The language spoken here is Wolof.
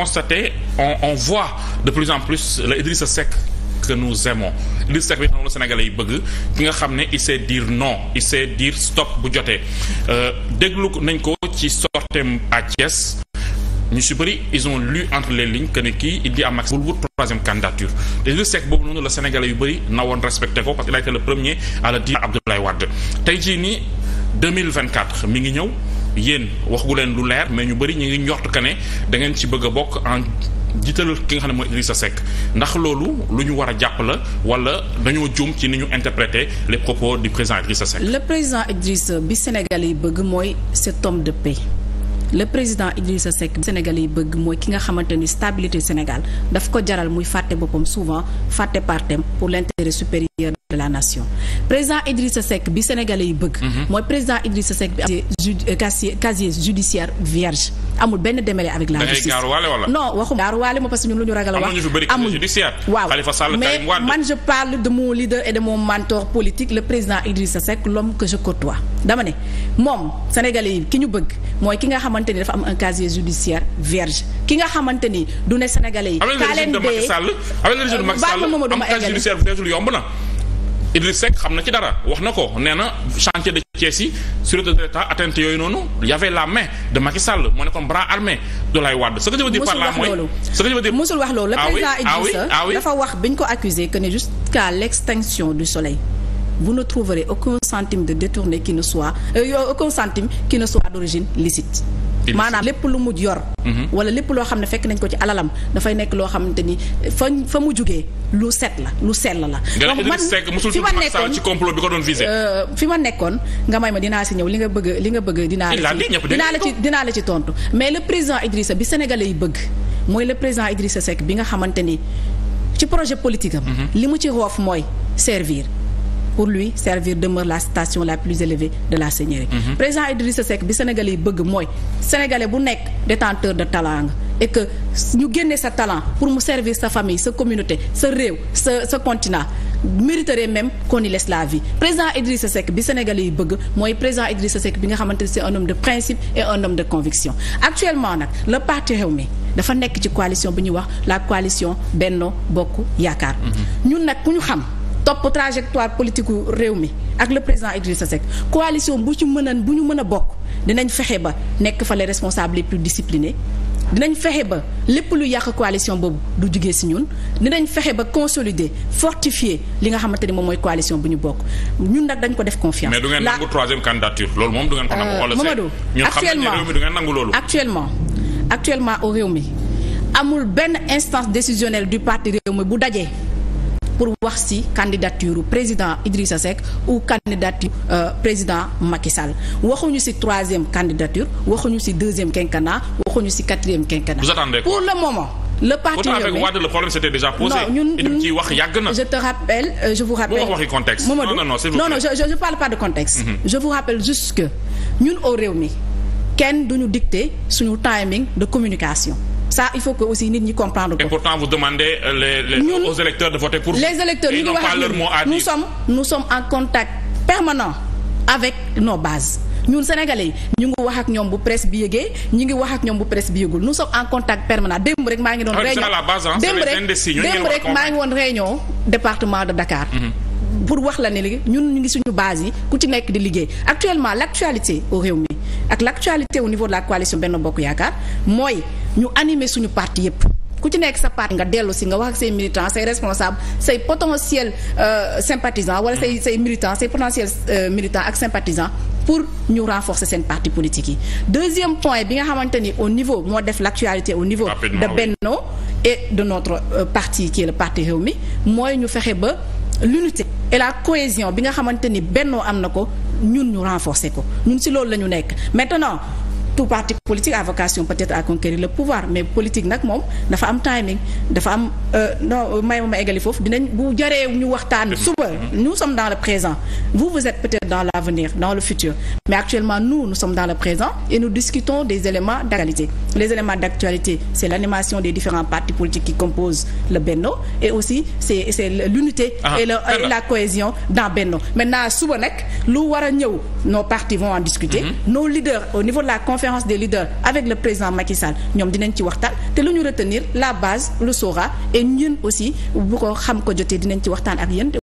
constater on on voit de plus en plus le Idrissa Seck que nous aimons Idrissa Seck bi xam la Sénégalais yi bëgg ki nga xam ne il sait dire non il sait dire stop bu jotee euh, déglu nañ ko ci sortem à Thiès ñu si bëri ils ont lu entre les lignes que ne kii il dit à Macky bul wut troisième candidature te Idrissa Seck boobu noonu la Sénégalais yu bëri na woon respecté ko parce qu'il a été le premier à le dire Abdoulaye Wade tey jii nii 2024 mi ngi ñëw yéen wax gu leen lu leer mais ñu bëri ñu ngi njort kane ne da ngeen ci bëgg a bokk en jiital ki nga xam ne mooy Idrissa Seck ndax loolu lu ñu war a jàpp la wala dañoo juum ci ni ñu interpréter les propos du président Idrissa Seck. le président Idrissa bi Sénégal yi bëgg mooy cet homme de paix. le président Idrissa Seck Sénégal yi bëgg mooy ki nga xamante ni stabilité Sénégal daf ko jaral muy fàtte boppam souvent fàtte partem pour l'intérêt supérieur de la nation président Idrissa Seck bi sénégalais yi bëgg. Mhm. mooy président Idrissa Seck bi am casier casier amul benn démêlé avec la justice. da ngay non waxuma gaaruwaale ma parce que ñun lu ñu ragal a wax. amul judiciaire. mais man je parle de leader et de mon politique le président Idrissa Seck l'homme que je côtoie. dama ne moom sénégalais yi ki ñu bëgg mooy ki nga xamante ni dafa am un casier judiciaire vierge ki nga xamante ni du ne sénégalais yi. kaa leen dee avec le régime de Macky Sall avec le régime de euh, na. Idriss Seck xam na ci dara wax na ko nee na chantier de Thiès yi sûreté de l'État atteinte yooyu noonu y avait la main de Macky Sall moo nekkoon bras armé de lay Wade ce que je veux dire par mooy musul wax loolu le ah président ah Idrissa ah dafa wax biñ ko accusé que ne jusqu'à l'extinction du soleil vous ne trouverez aucun centime de détourné qui ne soit euh, aucun centime qui ne soit d'origine licite maanaam lépp lu mu yor mhm. wala lépp loo xam ne fekk nañ ko ci alalam dafay nekk loo xamante ni fañ fa mu jugee lu set la lu sell la donc man fi ma nekkoon euh, ma nekkoon nga may ma dinaa si ñëw li nga bëgg li nga bëgg dinaa la ci dinaa dinaa la ci tontu mais le président Idrissa bi sénégalais yi bëgg mooy le président Idrissa Seck bi nga xamante ni ci projet politique am mhm. li mu ci roof mooy servir pour lui servir demeure la station la plus élevée de la seigneurie. Mm -hmm. président Idrissa Seck bi sénégalais yi bëgg mooy sénégalais bu nekk détenteur de talent nga ñu génnee sa talent pour mu servir sa famille sa communauté sa réew sa sa continent mériterait même qu'on y la vie président Idrissa Seck bi sénégalais yi bëgg mooy président Idrissa Seck bi nga xamante ne c'est un homme de principe et un homme de conviction actuellement nag le parti Rewmi dafa nekk ci coalition bi ñu wax la coalition Benno Bokk Yaakaar mhm. ñun nag ku ñu xam. topp trajectoire politique réew mi ak le président Idrissa Seck coalition bu ci mën a bu ñu mën a bokk dinañ fexe ba nekk fa les responsables les plus disciplinés dinañ fexe ba lépp lu yàq coalition boobu du jugee si ñun dinañ fexe ba consolider fortifier li nga xamante ni moom mooy coalition bu ñu bokk ñun nag dañ ko def confiance. mais du ngeen nangu troisième candidature loolu moom du ngeen ko nangu. Euh, Mamadou actuellement réew mi du ngeen nangu loolu. actuellement actuellement au réew mi amul benn instance décisionnelle du parti réew mi bu dajee. pour wax ci candidature président Idrissa Seck ou candidature euh, président Macky Sall waxuñu ci troisième candidature waxuñu ci deuxième quinquennat waxuñu ci quatrième quinquennat. vous attendez quoi pour le moment. le parti Yewwi le problème c'était déjà posé. non wax yàgg na. je te rappelle euh, je vous rappelle. waxi non non je parle pas de contexte. Mm-hmm. je vous rappelle juste que ñun réew mi kenn du duñu dicter suñu timing de communication. ça il faut que aussi nit ñi comprendre ko. et pourtant vous demandez euh, les les nous, aux électeurs de voter pour. les électeurs ñu ngi wax ak ak ñoom bu presse bi yëgee ñu ngi wax ak ñoom bu presse bi yëgul nous sommes en contact permanent démb rek maa ngi doon ah réunion démb rek démb rek de Dakar mhm. pour wax la ne li ñun ñu ngi suñu base yi ku ci nekk di liggéey actuellement l' actualité réew mi ak l' actualité au niveau de la coalition Benno Bokk Yaakaar mooy ñu animer suñu parti yépp ku ci nekk sa parti nga dellu si nga wax ak say militants say responsables say potentiels euh, sympathisants wala say say militants say potentiels euh, militants ak sympathisants pour ñu renforcer seen parti politique yi deuxième point bi nga xamante ni au niveau moo def l' au niveau de Benno et de notre euh, parti qui est le parti Rewmi mooy ñu fexe ba l'unité et la cohésion bi nga xamante ni Benno am na ko ñun ñu renforcer ko ñun si loolu la ñu nekk maintenant tout parti politique a vocation peut-être à conquérir le pouvoir mais politique nag moom dafa am timing dafa am euh, non euh, may ma eggali foofu dinañ bu jaree ñu waxtaan suba mm-hmm. nous sommes dans le présent vous vous êtes peut-être dans l'avenir dans le futur mais actuellement nous nous sommes dans le présent et nous discutons des éléments d'actualité les éléments d'actualité c'est l'animation des différents partis politiques qui composent le Benno et aussi c'est c'est l'unité ah, et le et la cohésion dans Benno maintenant suba nag lu war a ñëw nos partis vont en discuter mm-hmm. nos leaders au niveau de la conférence des leaders avec le président Macky ñoom dinañ ci waxtaan te lu ñu retenir la base le saura et ñun aussi bu ko xam ko jote dinañ ci waxtaan ak yéen